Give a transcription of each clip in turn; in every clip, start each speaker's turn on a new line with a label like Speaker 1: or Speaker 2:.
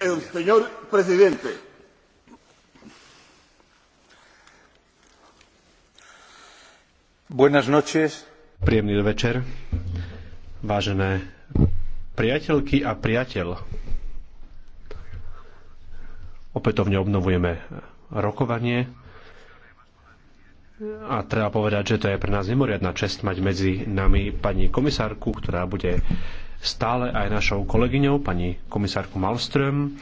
Speaker 1: El señor presidente.
Speaker 2: Buenas noches. Príjemný večer, vážené priateľky a priateľ. Opätovne obnovujeme rokovanie. A treba povedať, že to je pre nás mimoriadná čest mať medzi nami pani komisárku, ktorá bude stále aj našou kolegyňou, pani komisárku Malström.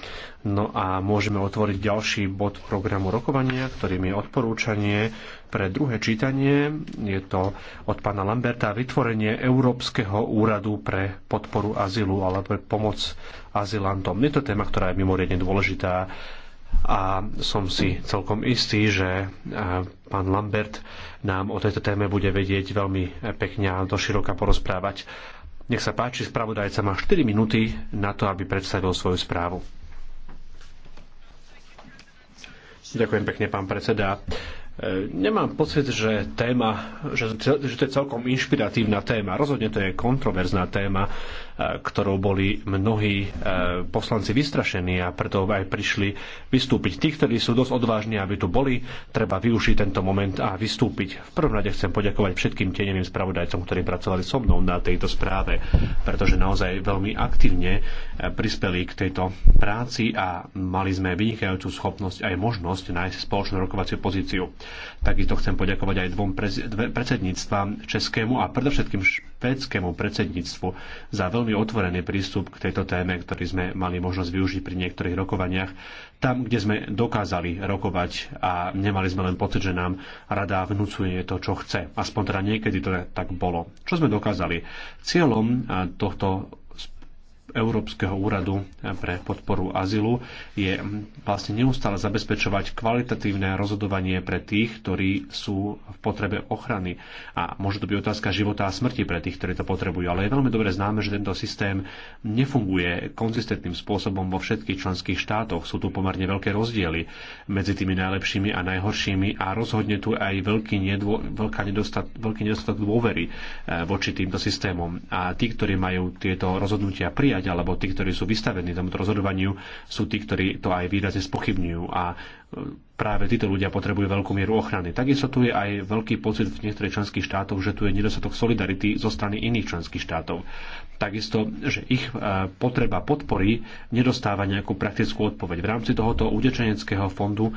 Speaker 2: No a môžeme otvoriť ďalší bod programu rokovania, ktorým je odporúčanie pre druhé čítanie. Je to od pána Lamberta vytvorenie Európskeho úradu pre podporu azylu alebo pre pomoc azylantom. Je to téma, ktorá je mimoriadne dôležitá a som si celkom istý, že eh, pán Lambert nám o tejto téme bude vedieť veľmi pekne a doširoka porozprávať. Nech sa páči, spravodajca má 4 minúty na to, aby predstavil svoju správu. Ďakujem pekne, pán predseda. E, nemám pocit, že téma, že, že to je celkom inšpiratívna téma. Rozhodne to je kontroverzná téma, ktorou boli mnohí e, poslanci vystrašení a preto aj prišli vystúpiť. Tí, ktorí sú dosť odvážni, aby tu boli, treba využiť tento moment a vystúpiť. V prvom rade chcem poďakovať všetkým teneným spravodajcom, ktorí pracovali so mnou na tejto správe, pretože naozaj veľmi aktívne e, prispeli k tejto práci a mali sme vynikajúcu schopnosť aj možnosť nájsť spoločnú rokovaciu pozíciu. Takisto chcem poďakovať aj dvom prez, dve, českému a predovšetkým švedskému predsedníctvu za veľmi otvorený prístup k tejto téme, ktorý sme mali možnosť využiť pri niektorých rokovaniach, tam, kde sme dokázali rokovať a nemali sme len pocit, že nám rada vnúcuje to, čo chce. Aspoň teda niekedy to tak bolo. Čo sme dokázali? Cieľom tohto Európskeho úradu pre podporu azylu je vlastne neustále zabezpečovať kvalitatívne rozhodovanie pre tých, ktorí sú v potrebe ochrany. A môže to byť otázka života a smrti pre tých, ktorí to potrebujú. Ale je veľmi dobre známe, že tento systém nefunguje konzistentným spôsobom vo všetkých členských štátoch. Sú tu pomerne veľké rozdiely medzi tými najlepšími a najhoršími a rozhodne tu aj veľký, nedvo, veľká nedostat, veľký nedostatok dôvery eh, voči týmto systémom. A tí, ktorí majú tieto rozhodnutia prijať, odpoveď, alebo tí, ktorí sú vystavení tomuto rozhodovaniu, sú tí, ktorí to aj výrazne spochybňujú a e, práve títo ľudia potrebujú veľkú mieru ochrany. Takisto tu je aj veľký pocit v niektorých členských štátoch, že tu je nedostatok solidarity zo strany iných členských štátov takisto, že ich e, potreba podpory nedostáva nejakú praktickú odpoveď. V rámci tohoto utečeneckého fondu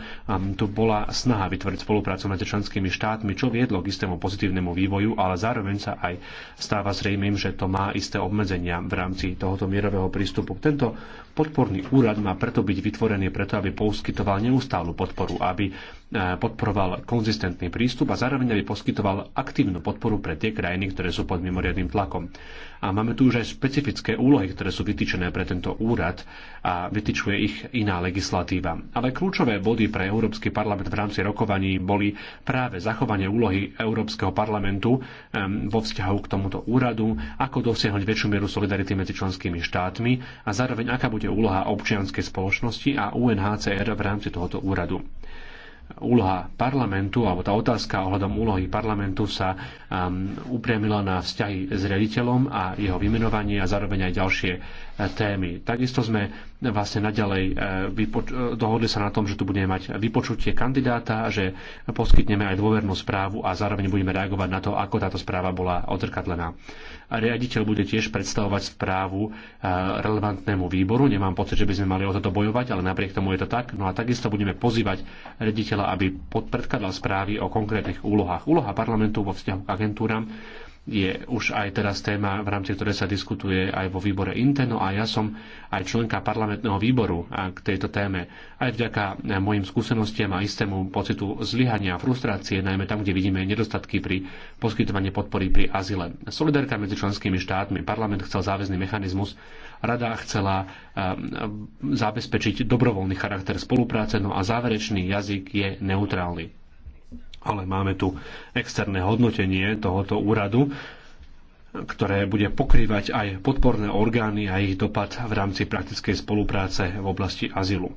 Speaker 2: tu bola snaha vytvoriť spoluprácu medzi členskými štátmi, čo viedlo k istému pozitívnemu vývoju, ale zároveň sa aj stáva zrejmým, že to má isté obmedzenia v rámci tohoto mierového prístupu. Tento podporný úrad má preto byť vytvorený preto, aby poskytoval neustálu podporu, aby E, podporoval konzistentný prístup a zároveň aby poskytoval aktívnu podporu pre tie krajiny, ktoré sú pod mimoriadným tlakom. A máme tu už aj špecifické úlohy, ktoré sú vytýčené pre tento úrad a vytýčuje ich iná legislatíva. Ale kľúčové body pre Európsky parlament v rámci rokovaní boli práve zachovanie úlohy Európskeho parlamentu e, vo vzťahu k tomuto úradu, ako dosiahnuť väčšiu mieru solidarity medzi členskými štátmi a zároveň aká bude úloha občianskej spoločnosti a UNHCR v rámci tohoto úradu úloha parlamentu, alebo tá otázka ohľadom úlohy parlamentu sa um, upriamila na vzťahy s riaditeľom a jeho vymenovanie a zároveň aj ďalšie témy. Takisto sme vlastne naďalej e, e, dohodli sa na tom, že tu budeme mať vypočutie kandidáta, že poskytneme aj dôvernú správu a zároveň budeme reagovať na to, ako táto správa bola A Riaditeľ bude tiež predstavovať správu e, relevantnému výboru. Nemám pocit, že by sme mali o toto bojovať, ale napriek tomu je to tak. No a takisto budeme pozývať riaditeľa, aby predkladal správy o konkrétnych úlohách. Úloha parlamentu vo vzťahu k agentúram je už aj teraz téma, v rámci ktorej sa diskutuje aj vo výbore Interno a ja som aj členka parlamentného výboru k tejto téme. Aj vďaka mojim skúsenostiam a istému pocitu zlyhania a frustrácie, najmä tam, kde vidíme nedostatky pri poskytovaní podpory pri azile. Solidarita medzi členskými štátmi, parlament chcel záväzný mechanizmus, rada chcela e, zabezpečiť dobrovoľný charakter spolupráce, no a záverečný jazyk je neutrálny ale máme tu externé hodnotenie tohoto úradu, ktoré bude pokrývať aj podporné orgány a ich dopad v rámci praktickej spolupráce v oblasti azylu.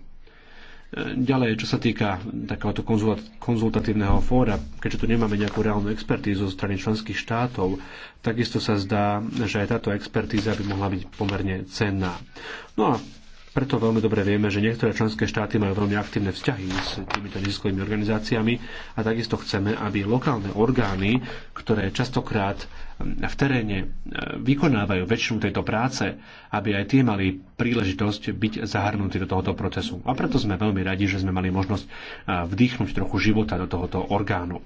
Speaker 2: Ďalej, čo sa týka takéhoto konzultatívneho fóra, keďže tu nemáme nejakú reálnu expertízu zo strany členských štátov, takisto sa zdá, že aj táto expertíza by mohla byť pomerne cenná. No a preto veľmi dobre vieme, že niektoré členské štáty majú veľmi aktívne vzťahy s týmito neziskovými organizáciami a takisto chceme, aby lokálne orgány, ktoré častokrát v teréne vykonávajú väčšinu tejto práce, aby aj tie mali príležitosť byť zahrnutí do tohoto procesu. A preto sme veľmi radi, že sme mali možnosť vdýchnuť trochu života do tohoto orgánu.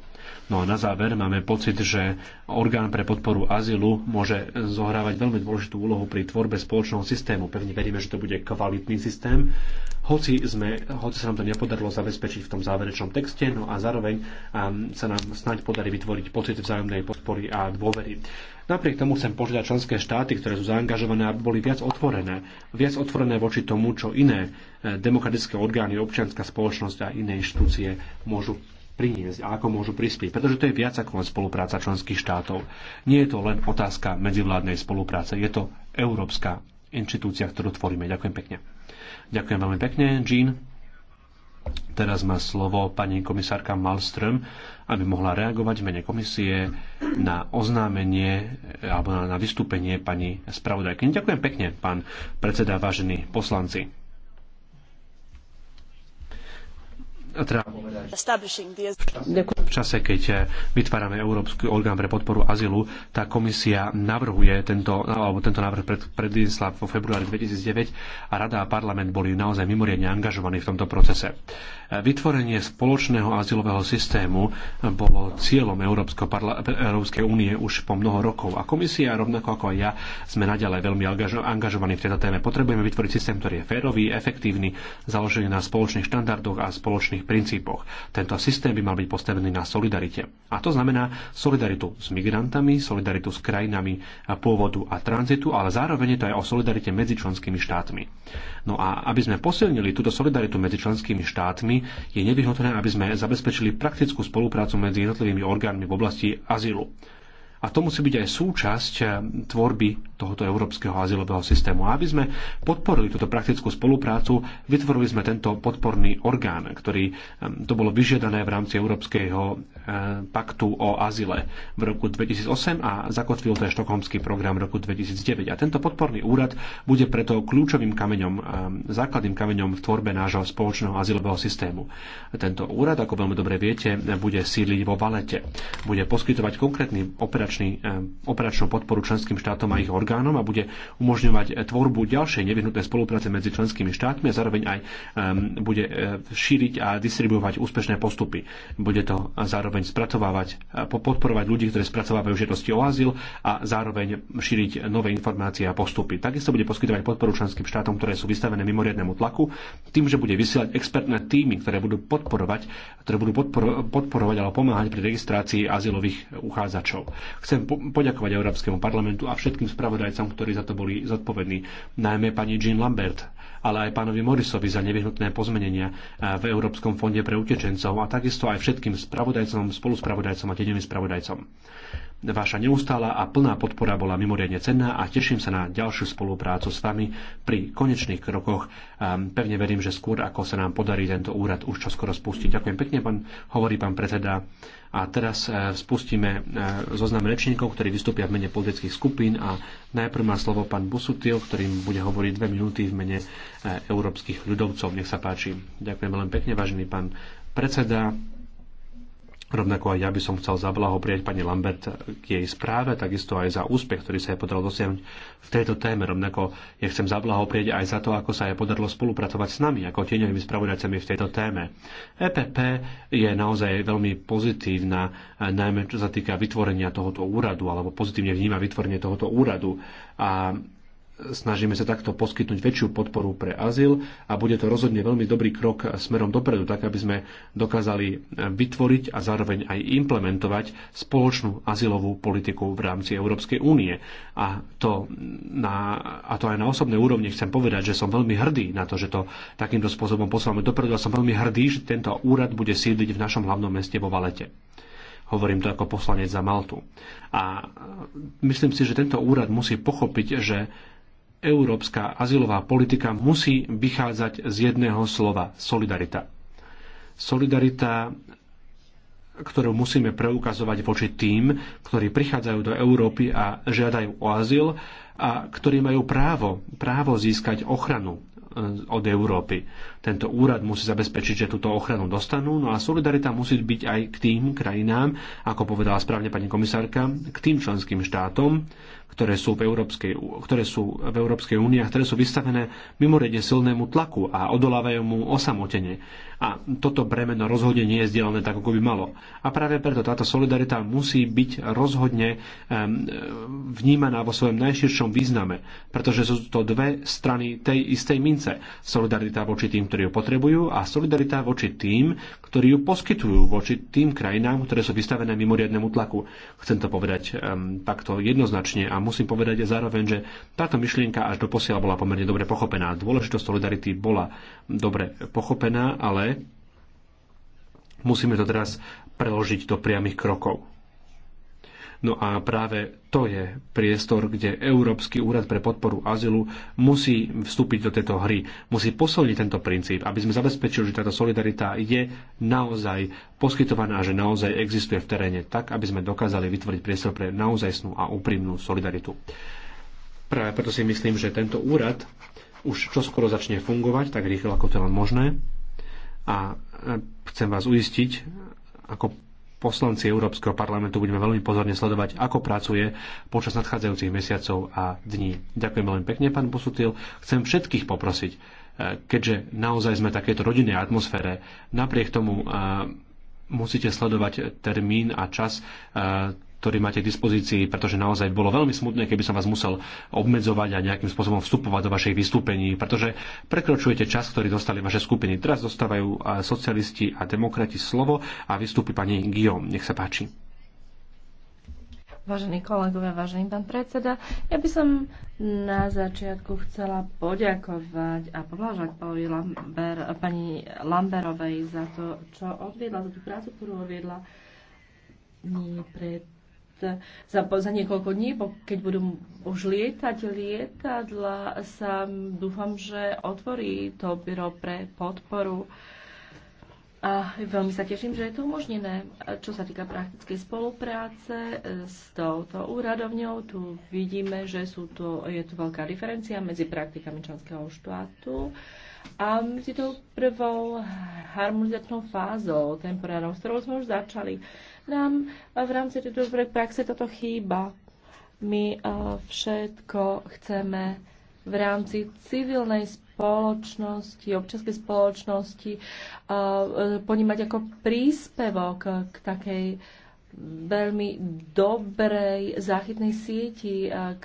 Speaker 2: No a na záver máme pocit, že orgán pre podporu azylu môže zohrávať veľmi dôležitú úlohu pri tvorbe spoločného systému. Pevne veríme, že to bude kvalitný systém, hoci, sme, hoci sa nám to nepodarilo zabezpečiť v tom záverečnom texte, no a zároveň um, sa nám snáď podarí vytvoriť pocit vzájomnej podpory a dôvery. Napriek tomu chcem požiadať členské štáty, ktoré sú zaangažované, aby boli viac otvorené. Viac otvorené voči tomu, čo iné eh, demokratické orgány, občianská spoločnosť a iné inštitúcie môžu priniesť a ako môžu prispieť, pretože to je viac ako len spolupráca členských štátov. Nie je to len otázka medzivládnej spolupráce, je to európska inštitúcia, ktorú tvoríme. Ďakujem pekne. Ďakujem veľmi pekne, Jean. Teraz má slovo pani komisárka Malström, aby mohla reagovať v mene komisie na oznámenie eh, alebo na, na vystúpenie pani spravodajky. Ďakujem pekne, pán predseda, vážení poslanci. Teda- v čase, keď eh, vytvárame Európsky orgán pre podporu azylu, tá komisia navrhuje tento, alebo tento návrh pred, predniesla vo februári 2009 a Rada a parlament boli naozaj mimoriadne angažovaní v tomto procese. Eh, vytvorenie spoločného azylového systému eh, bolo cieľom parla- Európskej únie už po mnoho rokov a komisia, rovnako ako aj ja, sme naďalej veľmi angažovaní v tejto téme. Potrebujeme vytvoriť systém, ktorý je férový, efektívny, založený na spoločných štandardoch a spoločných základných princípoch. Tento systém by mal byť postavený na solidarite. A to znamená solidaritu s migrantami, solidaritu s krajinami pôvodu a tranzitu, ale zároveň je to aj o solidarite medzi členskými štátmi. No a aby sme posilnili túto solidaritu medzi členskými štátmi, je nevyhnutné, aby sme zabezpečili praktickú spoluprácu medzi jednotlivými orgánmi v oblasti azylu. A to musí byť aj súčasť tvorby tohoto európskeho azylového systému. A aby sme podporili túto praktickú spoluprácu, vytvorili sme tento podporný orgán, ktorý to bolo vyžiadané v rámci Európskeho paktu o azile v roku 2008 a zakotvil to aj štokholmský program v roku 2009. A tento podporný úrad bude preto kľúčovým kameňom, základným kameňom v tvorbe nášho spoločného azylového systému. Tento úrad, ako veľmi dobre viete, bude sídliť vo Valete. Bude poskytovať konkrétny operačný, operačnú podporu členským štátom a ich orgánom orgánom a bude umožňovať tvorbu ďalšej nevyhnutnej spolupráce medzi členskými štátmi a zároveň aj ehm, bude ehm, šíriť a distribuovať úspešné postupy. Bude to zároveň spracovávať, e, podporovať ľudí, ktorí spracovávajú žiadosti o azyl a zároveň šíriť nové informácie a postupy. Takisto bude poskytovať podporu členským štátom, ktoré sú vystavené mimoriadnemu tlaku, tým, že bude vysielať expertné týmy, ktoré budú podporovať, ktoré budú podporovať alebo pomáhať pri registrácii azylových uchádzačov. Chcem po- poďakovať Európskemu parlamentu a všetkým spravodajom spravodajcom, ktorí za to boli zodpovední, najmä pani Jean Lambert, ale aj pánovi Morisovi za nevyhnutné pozmenenia eh, v Európskom fonde pre utečencov a takisto aj všetkým spravodajcom, spoluspravodajcom a tedevým spravodajcom. Vaša neustála a plná podpora bola mimoriadne cenná a teším sa na ďalšiu spoluprácu s vami pri konečných krokoch. Ehm, pevne verím, že skôr ako sa nám podarí tento úrad už čoskoro spustiť. Ďakujem pekne, pán, hovorí pán predseda. A teraz e, spustíme e, zoznam rečníkov, ktorí vystúpia v mene politických skupín a najprv má slovo pán Busutil, ktorým bude hovoriť dve minúty v mene e, európskych ľudovcov. Nech sa páči. Ďakujem veľmi pekne, vážený pán predseda, Rovnako aj ja by som chcel zablahoprieť pani Lambert k jej správe, takisto aj za úspech, ktorý sa jej podarilo dosiahnuť v tejto téme. Rovnako ja chcem zablahoprieť aj za to, ako sa jej podarilo spolupracovať s nami, ako tieňovými spravodajcami v tejto téme. EPP je naozaj veľmi pozitívna, najmä čo sa týka vytvorenia tohoto úradu, alebo pozitívne vníma vytvorenie tohoto úradu. A snažíme sa takto poskytnúť väčšiu podporu pre azyl a bude to rozhodne veľmi dobrý krok smerom dopredu, tak aby sme dokázali vytvoriť a zároveň aj implementovať spoločnú azylovú politiku v rámci Európskej únie. A to, na, a to aj na osobnej úrovni chcem povedať, že som veľmi hrdý na to, že to takýmto spôsobom posúvame dopredu a som veľmi hrdý, že tento úrad bude sídliť v našom hlavnom meste vo Valete. Hovorím to ako poslanec za Maltu. A myslím si, že tento úrad musí pochopiť, že Európska azylová politika musí vychádzať z jedného slova solidarita. Solidarita ktorú musíme preukazovať voči tým, ktorí prichádzajú do Európy a žiadajú o azyl a ktorí majú právo, právo získať ochranu eh, od Európy. Tento úrad musí zabezpečiť, že túto ochranu dostanú, no a solidarita musí byť aj k tým krajinám, ako povedala správne pani komisárka, k tým členským štátom, ktoré sú v Európskej, ktoré sú v Európskej únii a ktoré sú vystavené mimoriadne silnému tlaku a odolávajú mu osamotene. A toto bremeno rozhodne nie je zdieľané tak, ako by malo. A práve preto táto solidarita musí byť rozhodne vnímaná vo svojom najširšom význame, pretože sú to dve strany tej istej mince. Solidarita voči tým, ktorí ju potrebujú a solidarita voči tým, ktorí ju poskytujú, voči tým krajinám, ktoré sú vystavené mimoriadnemu tlaku. Chcem to povedať takto jednoznačne a musím povedať zároveň, že táto myšlienka až do posiaľ bola pomerne dobre pochopená. Dôležitosť solidarity bola dobre pochopená, ale musíme to teraz preložiť do priamých krokov. No a práve to je priestor, kde Európsky úrad pre podporu azylu musí vstúpiť do tejto hry, musí posilniť tento princíp, aby sme zabezpečili, že táto solidarita je naozaj poskytovaná, a že naozaj existuje v teréne, tak aby sme dokázali vytvoriť priestor pre naozajstnú a úprimnú solidaritu. Práve preto si myslím, že tento úrad už čoskoro začne fungovať, tak rýchlo ako to je len možné. A e, chcem vás uistiť, ako poslanci Európskeho parlamentu budeme veľmi pozorne sledovať, ako pracuje počas nadchádzajúcich mesiacov a dní. Ďakujem veľmi pekne, pán Posutil. Chcem všetkých poprosiť, e, keďže naozaj sme takéto rodinnej atmosfére, napriek tomu e, musíte sledovať termín a čas e, ktorý máte k dispozícii, pretože naozaj bolo veľmi smutné, keby som vás musel obmedzovať a nejakým spôsobom vstupovať do vašich vystúpení, pretože prekročujete čas, ktorý dostali vaše skupiny. Teraz dostávajú socialisti a demokrati slovo a vystúpi pani Guillaume. Nech sa páči.
Speaker 1: Vážení kolegovia, vážený pán predseda, ja by som na začiatku chcela poďakovať a povlážať Lamber, pani Lamberovej za to, čo odviedla, za tú prácu, ktorú odviedla nie pred za, za niekoľko dní, bo keď budú už lietať lietadla, sa dúfam, že otvorí to byro pre podporu. A veľmi sa teším, že je to umožnené. Čo sa týka praktickej spolupráce e, s touto úradovňou, tu vidíme, že sú tu, je tu veľká diferencia medzi praktikami členského štátu a medzi tou prvou harmonizačnou fázou temporárnou, s ktorou sme už začali. Nám v rámci tejto dobrej praxe toto chýba. My eh, všetko chceme v rámci civilnej spoločnosti, občianskej spoločnosti eh, ponímať ako príspevok k takej veľmi dobrej záchytnej sieti eh, k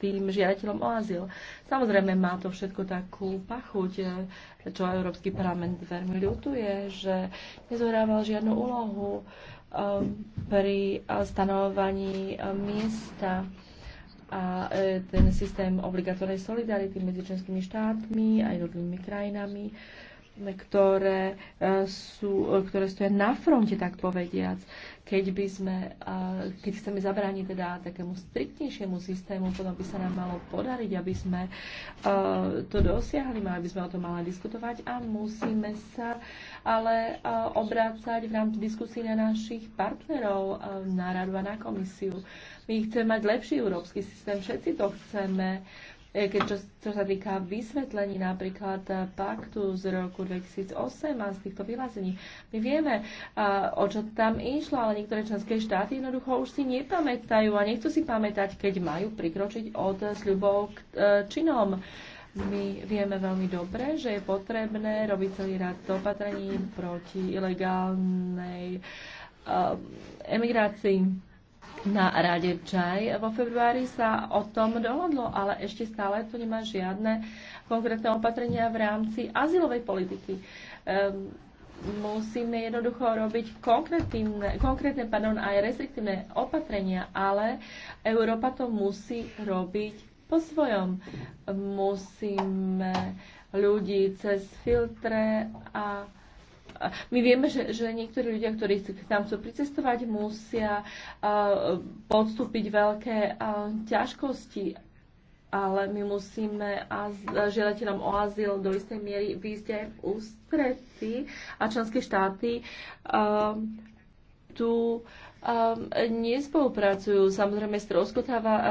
Speaker 1: tým žiadateľom o azyl. Samozrejme má to všetko takú pachuť, čo Európsky parlament veľmi ľutuje, že nezohrával žiadnu úlohu Um, pri uh, stanovovaní uh, miesta a e, ten systém obligatórnej solidarity medzi členskými štátmi a jednotlivými krajinami ktoré, e, sú, e, ktoré stoja na fronte, tak povediac. Keď, by sme, e, keď chceme zabrániť teda takému striktnejšiemu systému, potom by sa nám malo podariť, aby sme to dosiahli, aby sme o tom mali diskutovať a musíme sa ale obrácať v rámci diskusí na našich partnerov, na radu a na komisiu. My chceme mať lepší európsky systém, všetci to chceme. E, keď čo, čo sa týka vysvetlení napríklad e, paktu z roku 2008 a z týchto vyhlásení, my vieme, e, o čo tam išlo, ale niektoré členské štáty jednoducho už si nepamätajú a nechcú si pamätať, keď majú prikročiť od sľubov k činom. My vieme veľmi dobre, že je potrebné robiť celý rad opatrení proti ilegálnej emigrácii na rade Čaj vo februári sa o tom dohodlo, ale ešte stále tu nemá žiadne konkrétne opatrenia v rámci azylovej politiky. Um, musíme jednoducho robiť konkrétne, konkrétne pardon, aj restriktívne opatrenia, ale Európa to musí robiť po svojom. Musíme ľudí cez filtre a my vieme, že, že niektorí ľudia, ktorí tam chcú pricestovať, musia podstúpiť veľké ťažkosti ale my musíme žiadateľom o azyl do istej miery výjsť aj v ústretí a členské štáty um, tu um, nespolupracujú. Samozrejme, stroskotáva uh,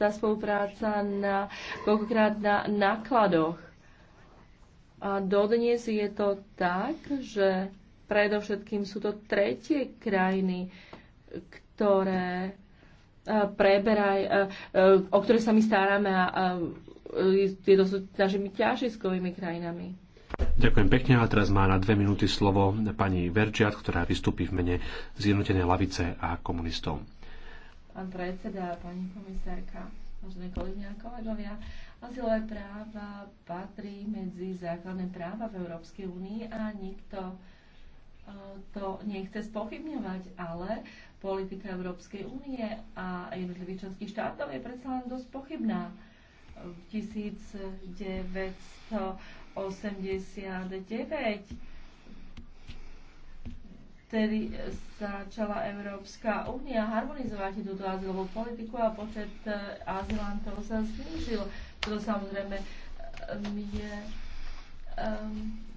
Speaker 1: tá spolupráca na, koľkokrát na nákladoch a dodnes je to tak, že predovšetkým sú to tretie krajiny, ktoré e, preberaj, e, e, o ktoré sa my staráme a tieto sú našimi ťažiskovými krajinami.
Speaker 2: Ďakujem pekne a teraz má na dve minúty slovo pani Verčiat, ktorá vystúpi v mene Zjednotenej lavice a komunistov.
Speaker 1: Pán predseda, pani komisárka, vážené kolegyne a kolegovia, Azylové práva patrí medzi základné práva v Európskej únii a nikto e, to nechce spochybňovať, ale politika Európskej únie a jednotlivých členských štátov je predsa len dosť pochybná. V 1989 vtedy začala Európska únia harmonizovať túto azylovú politiku a počet e, azylantov sa znížil to samozrejme je eh,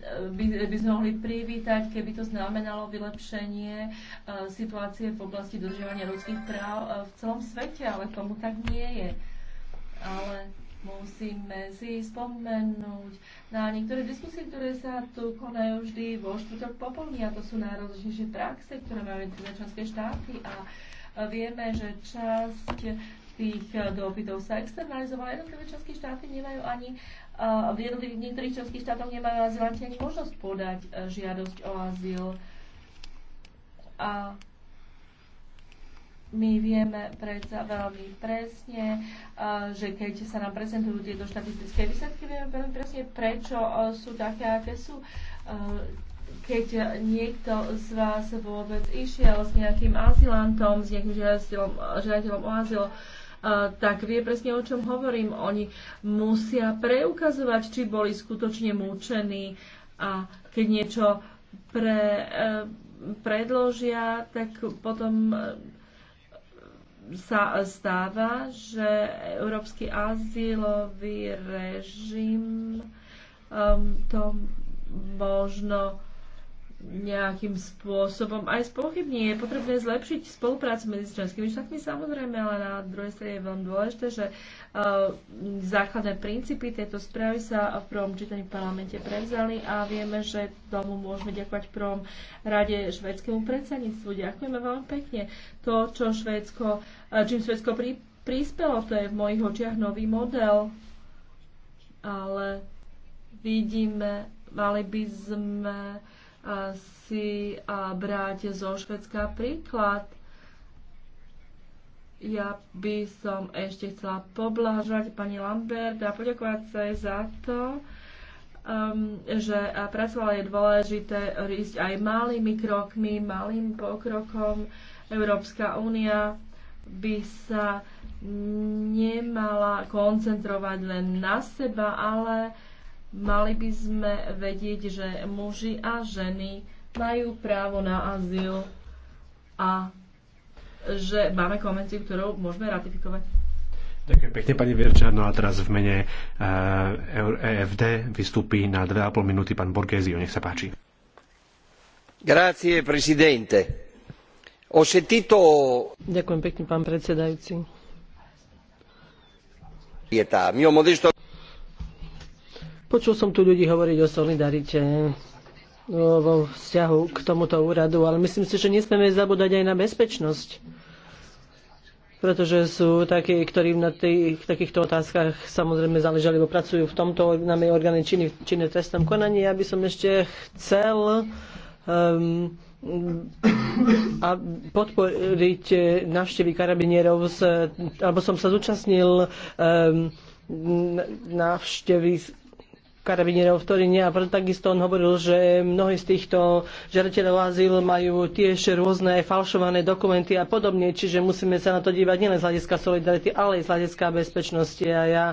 Speaker 1: eh, by, by sme mohli privítať, keby to znamenalo vylepšenie eh, situácie v oblasti dodržovania ľudských práv v celom svete, ale tomu tak nie je. Ale musíme si spomenúť na niektoré diskusie, ktoré sa tu konajú vždy vo štvrtok popolní a to sú najrozličnejšie praxe, ktoré majú jednotlivé členské štáty a vieme, že časť tých eh, dopytov sa externalizovala. Jednotlivé členské štáty nemajú ani, eh, v jednotlivých niektorých členských štátoch nemajú azylanti ani možnosť podať eh, žiadosť o azyl. A my vieme predsa veľmi presne, že keď sa nám prezentujú tieto štatistické výsledky, vieme veľmi presne, prečo sú také, aké sú. Keď niekto z vás vôbec išiel s nejakým azylantom, s nejakým žiadateľom, žiadateľom o azyl, tak vie presne, o čom hovorím. Oni musia preukazovať, či boli skutočne múčení a keď niečo pre, e, predložia, tak potom e, sa stáva, že európsky azylový režim um, to možno nejakým spôsobom aj spochybní. Je potrebné zlepšiť spoluprácu medzi členskými štátmi samozrejme, ale na druhej strane je veľmi dôležité, že uh, základné princípy tejto správy sa v prvom čítaní v parlamente prevzali a vieme, že tomu môžeme ďakovať prvom rade švedskému predsedníctvu. Ďakujeme veľmi pekne. To, čo Švédsko, uh, čím Švédsko pri, prispelo, to je v mojich očiach nový model, ale vidíme, mali by sme si brať zo Švedska príklad. Ja by som ešte chcela poblahožovať pani Lambert a poďakovať sa jej za to, um, že pracovala je dôležité ísť aj malými krokmi, malým pokrokom. Európska únia by sa nemala koncentrovať len na seba, ale Mali by sme vedieť, že muži a ženy majú právo na azyl a že máme konvenciu, ktorú môžeme ratifikovať.
Speaker 2: Ďakujem pekne, pani Vierča. No a teraz v mene uh, eh, EFD e vystúpi na 2,5 minúty pán Borgesio. Nech sa páči.
Speaker 3: Grazie, presidente. sentito... Ďakujem pekne, pán predsedajúci.
Speaker 1: Je tá, Mio modesto
Speaker 3: Počul som tu ľudí hovoriť o solidarite vo vzťahu k tomuto úradu, ale myslím si, že nesmieme zabúdať aj na bezpečnosť. Pretože sú takí, ktorí na tých, takýchto otázkach samozrejme záležali, lebo pracujú v tomto orgáne, orgáne činy, činy trestnom konaní. Ja by som ešte chcel um, a podporiť návštevy karabinierov, z, alebo som sa zúčastnil um, návštevy karabinierov v Torine a takisto on hovoril, že mnohí z týchto žiadateľov azyl majú tiež rôzne falšované dokumenty a podobne, čiže musíme sa na to dívať nielen z hľadiska solidarity, ale aj z hľadiska bezpečnosti a ja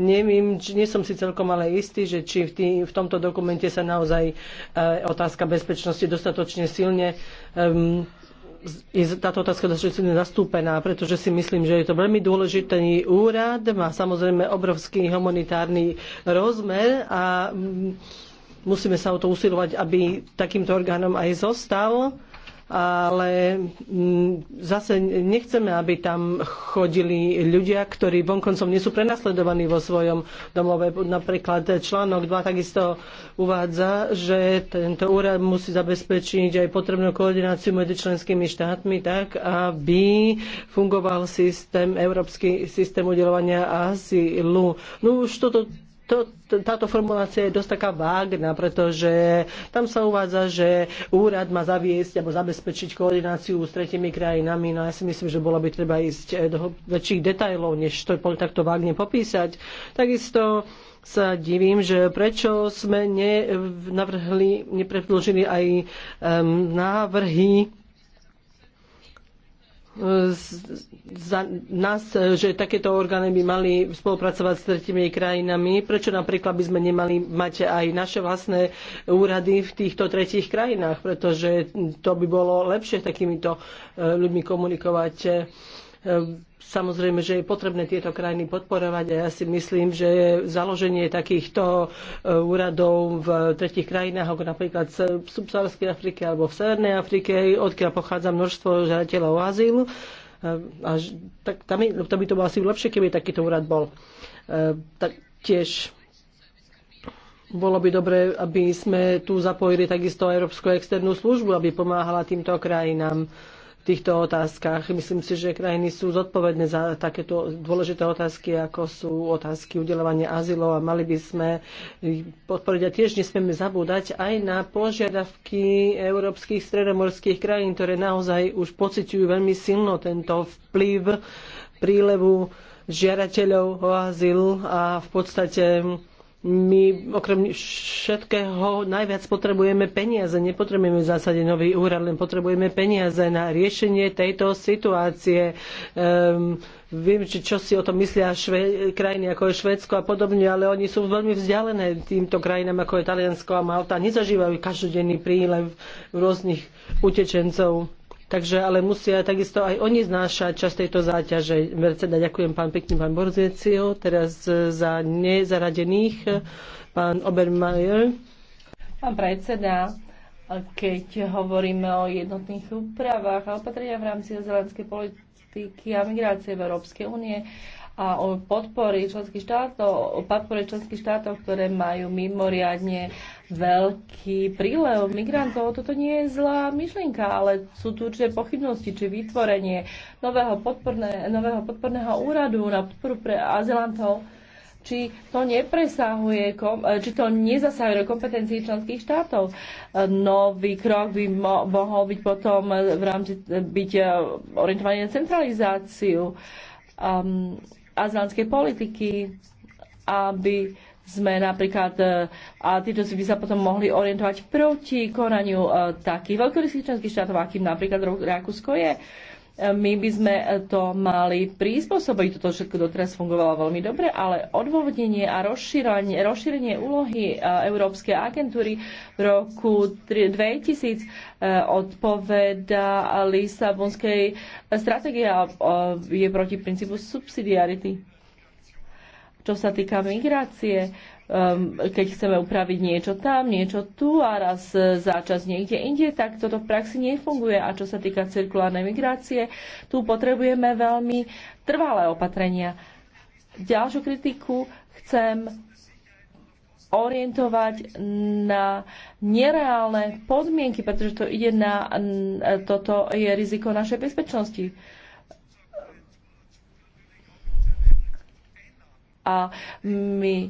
Speaker 3: neviem, nie som si celkom ale istý, že či v, tý, v tomto dokumente sa naozaj e, otázka bezpečnosti dostatočne silne e, je táto otázka dostatočne zastúpená, pretože si myslím, že je to veľmi dôležitý úrad, má samozrejme obrovský humanitárny rozmer a mm, musíme sa o to usilovať, aby takýmto orgánom aj zostal ale mm, zase nechceme, aby tam chodili ľudia, ktorí vonkoncom nie sú prenasledovaní vo svojom domove. Napríklad článok 2 takisto uvádza, že tento úrad musí zabezpečiť aj potrebnú koordináciu medzi členskými štátmi tak, aby fungoval systém, európsky systém udelovania azylu. No už toto to, táto formulácia je dosť taká vágna, pretože tam sa uvádza, že úrad má zaviesť alebo zabezpečiť koordináciu s tretimi krajinami. No ja si myslím, že bolo by treba ísť eh, do väčších detajlov, než to takto vágne popísať. Takisto sa divím, že prečo sme nepredložili aj um, návrhy za nás, že takéto orgány by mali spolupracovať s tretimi krajinami. Prečo napríklad by sme nemali mať aj naše vlastné úrady v týchto tretích krajinách? Pretože to by bolo lepšie takýmito eh, ľuďmi komunikovať Ehm, samozrejme, že je potrebné tieto krajiny podporovať a ja si myslím, že založenie takýchto e, úradov v tretich krajinách, ako napríklad v subsaharskej Afrike alebo v Severnej Afrike, odkiaľ pochádza množstvo žiadateľov o azyl, e, a tak tam, je, to by to bolo asi lepšie, keby takýto úrad bol. E, tak tiež bolo by dobre, aby sme tu zapojili takisto Európsku externú službu, aby pomáhala týmto krajinám v týchto otázkach. Myslím si, že krajiny sú zodpovedné za takéto dôležité otázky, ako sú otázky udelovania azylov a mali by sme podporiť a tiež nesmieme zabúdať aj na požiadavky európskych stredomorských krajín, ktoré naozaj už pociťujú veľmi silno tento vplyv prílevu žiadateľov o azyl a v podstate my okrem všetkého najviac potrebujeme peniaze. Nepotrebujeme v zásade nový úrad, len potrebujeme peniaze na riešenie tejto situácie. Um, viem, či, čo si o tom myslia šve, krajiny ako je Švedsko a podobne, ale oni sú veľmi vzdialené týmto krajinám ako je Taliansko a Malta. Nezažívajú každodenný prílev rôznych utečencov. Takže ale musia takisto aj oni znášať čas tejto záťaže. Merceda, ďakujem pán pekný pán Borzecio, teraz e, za nezaradených pán Obermajer.
Speaker 1: Pán predseda, keď hovoríme o jednotných úpravách a opatrenia v rámci zelenskej politiky a migrácie v Európskej únie, a o podpory členských štátov, o podpore členských štátov, ktoré majú mimoriadne veľký prílev migrantov. Toto nie je zlá myšlienka, ale sú tu určité pochybnosti, či vytvorenie nového, podporné, nového podporného úradu na podporu pre azylantov či to nepresahuje, či to nezasahuje do kompetencií členských štátov. Nový krok by mo- mohol byť potom v rámci byť orientovaný na centralizáciu. Um, azylánskej politiky, aby sme napríklad, e, a títo si by sa potom mohli orientovať proti konaniu e, takých veľkorysých členských štátov, akým napríklad Rakúsko je my by sme to mali prispôsobiť. Toto všetko doteraz fungovalo veľmi dobre, ale odvodnenie a rozšírenie, rozšírenie úlohy e, Európskej agentúry v roku 2000 e, odpoveda Lisabonskej stratégie a e, je proti princípu subsidiarity. Čo sa týka migrácie, Ehm, keď chceme upraviť niečo tam, niečo tu a raz e, záčas niekde inde, tak toto v praxi nefunguje. A čo sa týka cirkulárnej migrácie, tu potrebujeme veľmi trvalé opatrenia. Ďalšiu kritiku chcem orientovať na nereálne podmienky, pretože to ide na, toto je riziko našej bezpečnosti. A my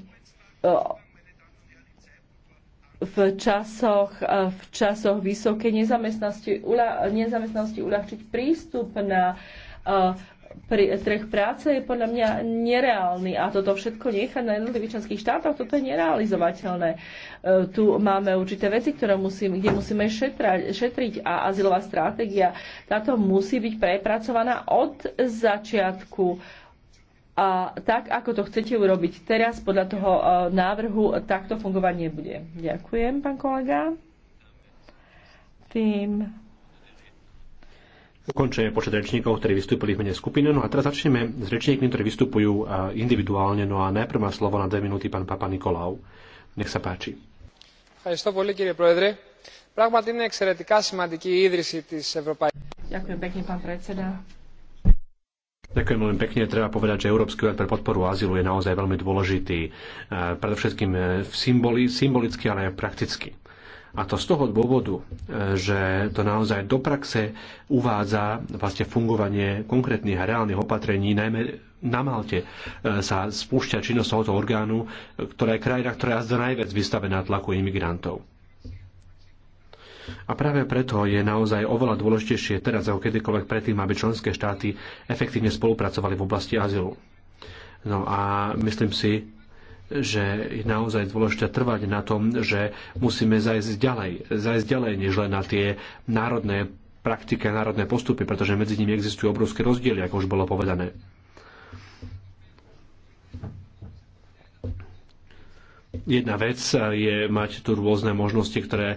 Speaker 1: v časoch, v časoch vysokej nezamestnanosti, nezamestnanosti uľahčiť prístup na e, pri, trh práce je podľa mňa nereálny a toto všetko nechať na jednotlivých členských štátoch, toto je nerealizovateľné. E, tu máme určité veci, ktoré musím, kde musíme šetrať, šetriť a azylová stratégia, táto musí byť prepracovaná od začiatku a tak, ako to chcete urobiť teraz, podľa toho uh, návrhu, takto fungovať nebude. Ďakujem, pán kolega. Tým
Speaker 2: Ukončujeme počet rečníkov, ktorí vystúpili v mene skupiny. No a teraz začneme s rečníkmi, ktorí vystupujú e, individuálne. No a najprv má slovo na dve minúty pán Papa Nikolau. Nech sa páči.
Speaker 1: Ďakujem pekne, pán predseda.
Speaker 2: Ďakujem veľmi pekne. Treba povedať, že Európsky úrad pre podporu azylu je naozaj veľmi dôležitý. E, predovšetkým e, symboli, symbolicky, ale aj prakticky. A to z toho dôvodu, e, že to naozaj do praxe uvádza vlastne fungovanie konkrétnych a reálnych opatrení, najmä na Malte sa spúšťa činnosť tohoto orgánu, ktorá je krajina, ktorá je najviac vystavená tlaku imigrantov. A práve preto je naozaj oveľa dôležitejšie teraz ako kedykoľvek predtým, aby členské štáty efektívne spolupracovali v oblasti azylu. No a myslím si, že je naozaj dôležité trvať na tom, že musíme zajsť ďalej, zajsť ďalej než len na tie národné praktiky a národné postupy, pretože medzi nimi existujú obrovské rozdiely, ako už bolo povedané. Jedna vec je mať tu rôzne možnosti, ktoré e,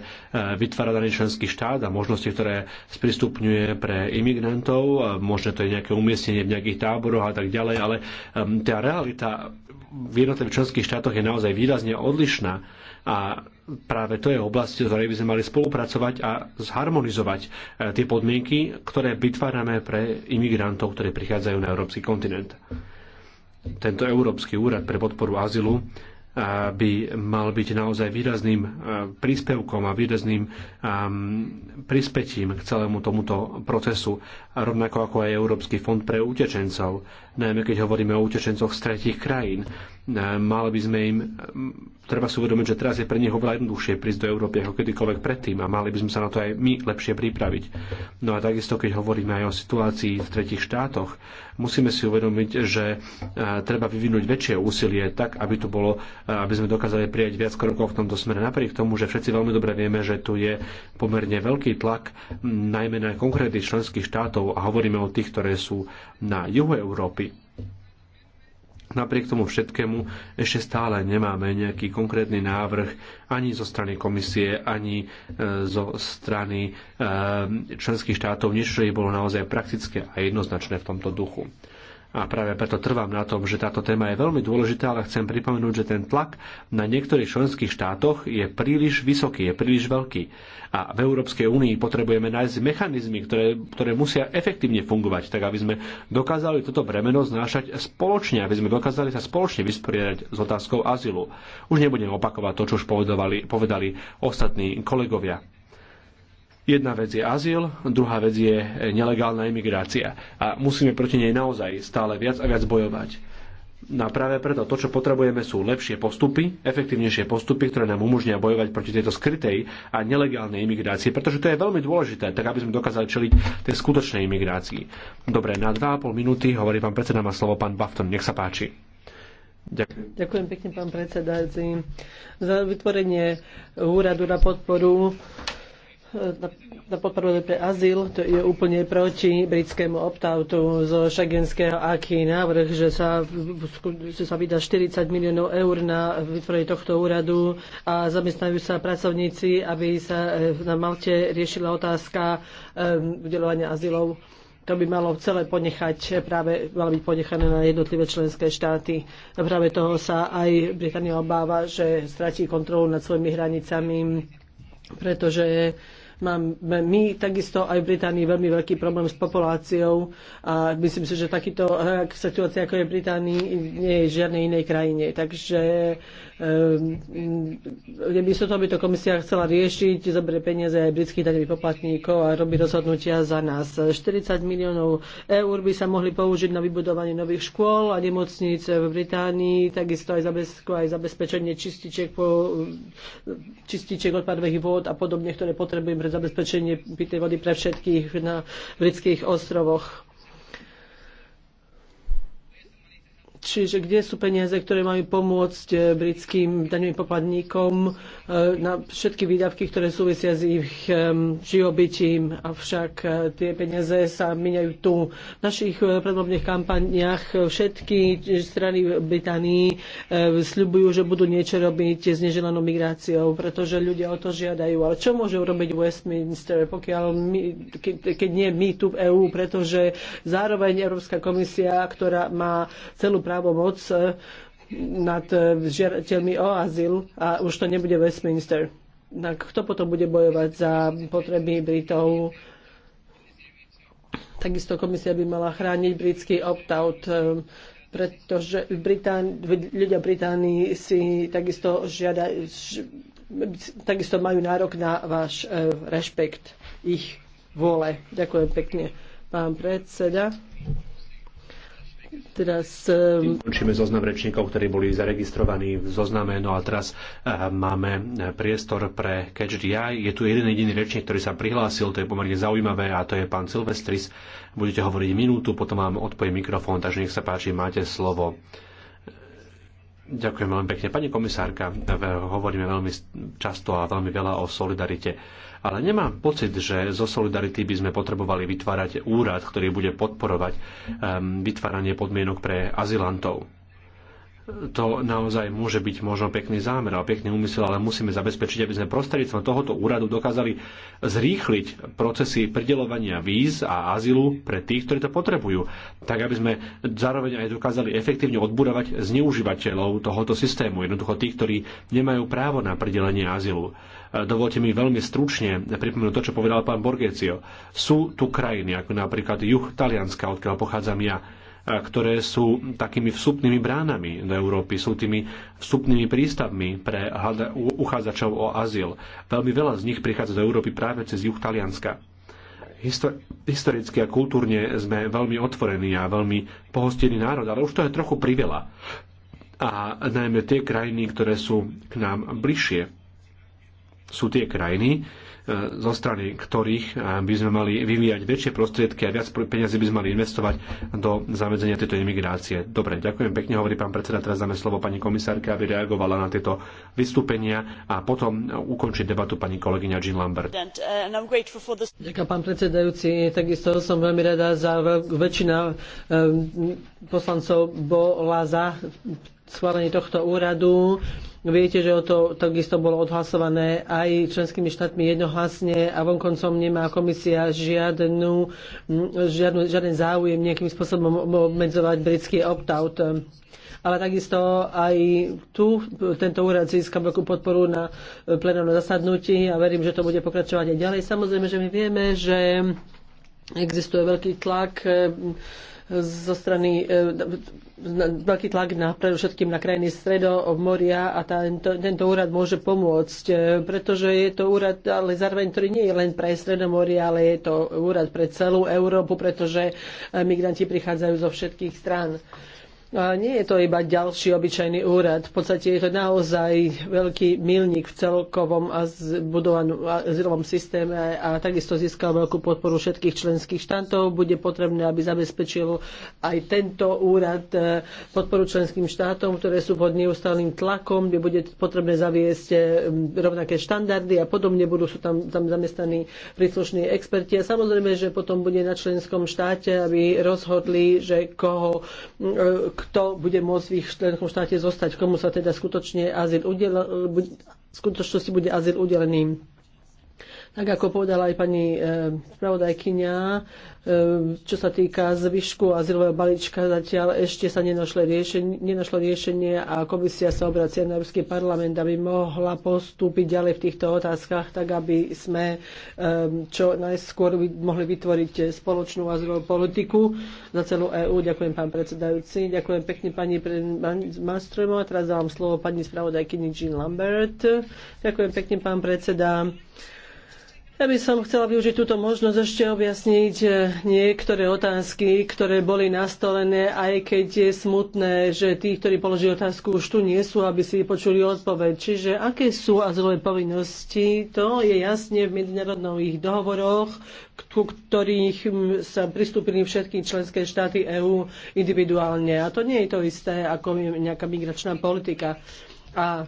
Speaker 2: vytvára daný členský štát a možnosti, ktoré sprístupňuje pre imigrantov. Možno to je nejaké umiestnenie v nejakých táboroch a tak ďalej, ale tá realita v jednotlivých členských štátoch je naozaj výrazne odlišná. A práve to je oblasť, v ktorej by sme mali spolupracovať a zharmonizovať e, tie podmienky, ktoré vytvárame pre imigrantov, ktorí prichádzajú na európsky kontinent. Tento Európsky úrad pre podporu azylu by mal byť naozaj výrazným eh, príspevkom a výrazným ehm, prispetím k celému tomuto procesu, a rovnako ako aj Európsky fond pre utečencov, najmä keď hovoríme o utečencoch z tretich krajín. Eh, mal by sme im, ehm, treba si uvedomiť, že teraz je pre nich oveľa jednoduchšie prísť do Európy ako kedykoľvek predtým a mali by sme sa na to aj my lepšie pripraviť. No a takisto, keď hovoríme aj o situácii v tretich štátoch, musíme si uvedomiť, že eh, treba vyvinúť väčšie úsilie tak, aby to bolo aby sme dokázali prijať viac krokov v tomto smere. Napriek tomu, že všetci veľmi dobre vieme, že tu je pomerne veľký tlak najmä na konkrétnych členských štátov a hovoríme o tých, ktoré sú na juhu Európy. Napriek tomu všetkému ešte stále nemáme nejaký konkrétny návrh ani zo strany komisie, ani e, zo strany e, členských štátov, niečo, čo by bolo naozaj praktické a jednoznačné v tomto duchu. A práve preto trvám na tom, že táto téma je veľmi dôležitá, ale chcem pripomenúť, že ten tlak na niektorých členských štátoch je príliš vysoký, je príliš veľký. A v Európskej únii potrebujeme nájsť mechanizmy, ktoré, ktoré musia efektívne fungovať, tak aby sme dokázali toto bremeno znášať spoločne, aby sme dokázali sa spoločne vysporiadať s otázkou azylu. Už nebudem opakovať to, čo už povedali, povedali ostatní kolegovia. Jedna vec je azyl, druhá vec je e, nelegálna imigrácia. A musíme proti nej naozaj stále viac a viac bojovať. No a práve preto to, čo potrebujeme, sú lepšie postupy, efektívnejšie postupy, ktoré nám umožnia bojovať proti tejto skrytej a nelegálnej imigrácii, pretože to je veľmi dôležité, tak aby sme dokázali čeliť tej skutočnej imigrácii. Dobre, na 2,5 minúty hovorí pán predseda, má slovo pán Bafton, nech sa páči. Ďakujem.
Speaker 3: Ďakujem pekne, pán predsedajúci. Za vytvorenie úradu na podporu na podporu pre azyl, to je úplne proti britskému optautu zo šagenského aký návrh, že sa, že sa vydá 40 miliónov eur na vytvorenie tohto úradu a zamestnajú sa pracovníci, aby sa eh, na Malte riešila otázka eh, udelovania azylov. To by malo celé ponechať, práve malo byť ponechané na jednotlivé členské štáty. A práve toho sa aj Británia obáva, že stratí kontrolu nad svojimi hranicami, pretože Máme my takisto aj v Británii veľmi veľký problém s populáciou a myslím si, že takýto eh, situácia ako je v Británii nie je v žiadnej inej krajine. Takže namiesto ehm, mm, toho by to komisia chcela riešiť, zoberie peniaze aj britských daňových poplatníkov a robí rozhodnutia za nás. 40 miliónov eur by sa mohli použiť na vybudovanie nových škôl a nemocníc v Británii, takisto aj, zabezpečenie, aj zabezpečenie čističiek, po, čističiek odpadových vôd a podobne, ktoré potrebujeme pre zabezpečenie pitnej vody pre všetkých na britských ostrovoch. Čiže kde sú peniaze, ktoré majú pomôcť eh, britským daňovým pokladníkom, eh, na všetky výdavky, ktoré súvisia s ich živobytím. Avšak eh, tie peniaze sa miniajú tu. V našich predlobných kampaniach všetky strany Británii sľubujú, že budú niečo robiť s neželanou migráciou, pretože ľudia o to žiadajú. Ale čo môže urobiť Westminster, pokiaľ my, ke, keď nie my tu v EÚ, pretože zároveň Európska komisia, ktorá má celú právomoc e, nad e, žiadateľmi o azyl a už to nebude Westminster. Tak kto potom bude bojovať za potreby Britov? Takisto komisia by mala chrániť britský opt-out, e, pretože Britán, ľudia Británii si takisto, žiada, takisto majú nárok na váš rešpekt ich vôle. Ďakujem pekne, pán predseda.
Speaker 2: Teraz... Ehm, končíme zoznam rečníkov, ktorí boli zaregistrovaní v zozname, no a teraz ehm, máme eh, priestor pre Catch the Eye. Je tu jeden jediný rečník, ktorý sa prihlásil, to je pomerne zaujímavé a to je pán Silvestris. Budete hovoriť minútu, potom vám odpojí mikrofón, takže nech sa páči, máte slovo. Ďakujem veľmi pekne. Pani komisárka, hovoríme veľmi často a veľmi veľa o solidarite ale nemám pocit, že zo Solidarity by sme potrebovali vytvárať úrad, ktorý bude podporovať um, vytváranie podmienok pre azylantov to naozaj môže byť možno pekný zámer a pekný úmysel, ale musíme zabezpečiť, aby sme prostredníctvom tohoto úradu dokázali zrýchliť procesy pridelovania víz a azylu pre tých, ktorí to potrebujú, tak aby sme zároveň aj dokázali efektívne odburovať zneužívateľov tohoto systému, jednoducho tých, ktorí nemajú právo na pridelenie azylu. Dovolte mi veľmi stručne pripomenúť to, čo povedal pán Borgecio. Sú tu krajiny, ako napríklad juh Talianska, odkiaľ pochádzam ja, ktoré sú takými vstupnými bránami do Európy, sú tými vstupnými prístavmi pre uchádzačov o azyl. Veľmi veľa z nich prichádza do Európy práve cez juh Talianska. Historicky a kultúrne sme veľmi otvorení a veľmi pohostený národ, ale už to je trochu priveľa. A najmä tie krajiny, ktoré sú k nám bližšie, sú tie krajiny, zo strany ktorých eh, by sme mali vyvíjať väčšie prostriedky a viac peniazy by sme mali investovať do zamedzenia tejto imigrácie. Dobre, ďakujem pekne, hovorí pán predseda. Teraz dáme slovo pani komisárke, aby reagovala na tieto vystúpenia a potom ukončiť debatu pani kolegyňa Jean Lambert.
Speaker 3: Ďakujem, pán predsedajúci. Takisto som veľmi rada za väčšina eh, poslancov bola za schválenie tohto úradu. Viete, že o to takisto bolo odhlasované aj členskými štátmi jednohlasne a vonkoncom nemá komisia žiadnu, žiadnu, žiaden záujem nejakým spôsobom obmedzovať britský opt-out ale takisto aj tu tento úrad získa veľkú podporu na plenárnom zasadnutí a verím, že to bude pokračovať aj ďalej. Samozrejme, že my vieme, že existuje veľký tlak zo strany e, veľký tlak na, predovšetkým na krajiny stredo moria a tento, tento úrad môže pomôcť, e, pretože je to úrad, ale zároveň, ktorý nie je len pre stredomoria, ale je to úrad pre celú Európu, pretože e, migranti prichádzajú zo všetkých strán. No a nie je to iba ďalší obyčajný úrad. V podstate je to naozaj veľký milník v celkovom a zbudovanom azylovom systéme a takisto získal veľkú podporu všetkých členských štátov. Bude potrebné, aby zabezpečil aj tento úrad e, podporu členským štátom, ktoré sú pod neustálým tlakom, kde bude potrebné zaviesť e, rovnaké štandardy a podobne budú sú tam, tam zamestnaní príslušní experti. A samozrejme, že potom bude na členskom štáte, aby rozhodli, že koho, e, kto bude môcť v ich členskom štáte zostať, komu sa teda skutočne azyl udel, v skutočnosti bude azyl udelený. Tak ako povedala aj pani e, spravodajkyňa, e, čo sa týka zvyšku azylového balíčka, zatiaľ ešte sa nenašlo riešenie, nenašlo riešenie a komisia sa obracia na Európsky parlament, aby mohla postúpiť ďalej v týchto otázkach, tak aby sme e, čo najskôr mohli vytvoriť spoločnú azylovú politiku za celú EÚ. Ďakujem, pán predsedajúci. Ďakujem pekne pani A Teraz dávam slovo pani spravodajkyni Jean Lambert. Ďakujem pekne, pán predseda. Ja by som chcela využiť túto možnosť ešte objasniť eh, niektoré otázky, ktoré boli nastolené, aj keď je smutné, že tí, ktorí položili otázku, už tu nie sú, aby si počuli odpoveď. Čiže aké sú azylové povinnosti, to je jasne v medzinárodných dohovoroch, ku ktorých sa pristúpili všetky členské štáty EÚ individuálne. A to nie je to isté ako nejaká migračná politika. A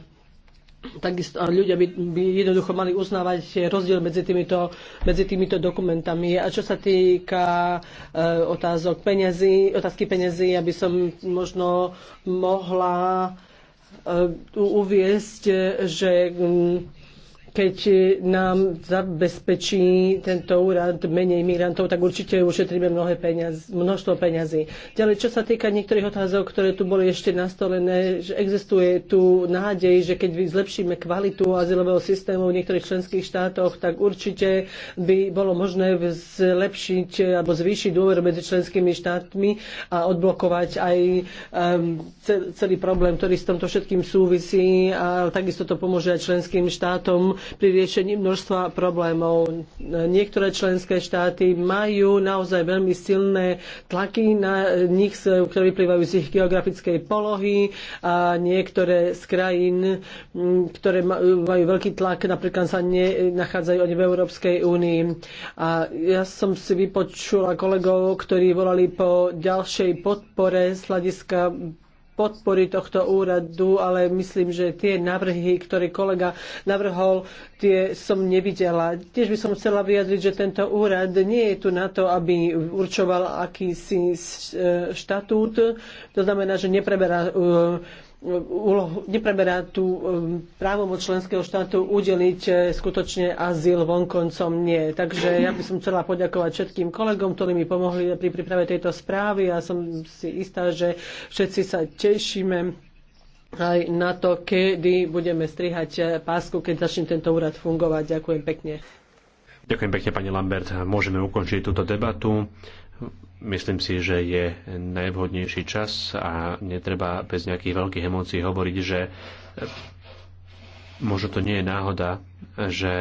Speaker 3: takisto a ľudia by, by jednoducho mali uznávať rozdiel medzi týmito, medzi týmito dokumentami. A čo sa týka e, otázok peniazy, otázky peňazí, aby som možno mohla e, uviesť, že mm, keď e, nám zabezpečí tento úrad menej migrantov, tak určite ušetríme mnohé peniaz, množstvo peňazí. Ďalej, čo sa týka niektorých otázok, ktoré tu boli ešte nastolené, že existuje tu nádej, že keď zlepšíme kvalitu azylového systému v niektorých členských štátoch, tak určite by bolo možné zlepšiť e, alebo zvýšiť dôveru medzi členskými štátmi a odblokovať aj celý problém, ktorý s tomto všetkým súvisí a takisto to pomôže aj členským štátom pri riešení množstva problémov. Niektoré členské štáty majú naozaj veľmi silné tlaky na nich, ktoré vyplývajú z ich geografickej polohy a niektoré z krajín, ktoré majú veľký tlak, napríklad sa nenachádzajú ani v Európskej únii. A ja som si vypočula kolegov, ktorí volali po ďalšej podpore z hľadiska podpory tohto úradu, ale myslím, že tie návrhy, ktoré kolega navrhol, tie som nevidela. Tiež by som chcela vyjadriť, že tento úrad nie je tu na to, aby určoval akýsi e, štatút. To znamená, že nepreberá e, úlohu, nepreberá tú um, právomoc členského štátu udeliť e, skutočne azyl vonkoncom nie. Takže ja by som chcela poďakovať všetkým kolegom, ktorí mi pomohli pri príprave tejto správy a ja som si istá, že všetci sa tešíme aj na to, kedy budeme strihať e, pásku, keď začne tento úrad fungovať. Ďakujem pekne.
Speaker 2: Ďakujem pekne, pani Lambert. Môžeme ukončiť túto debatu. Myslím si, že je najvhodnejší čas a netreba bez nejakých veľkých emócií hovoriť, že možno to nie je náhoda, že